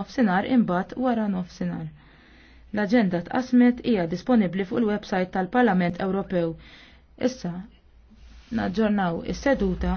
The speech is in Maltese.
nofsinhar imbagħad wara nofsinhar. L-aġenda tqasmet hija disponibbli fuq il-website tal-Parlament Ewropew. Issa naġġornaw is-seduta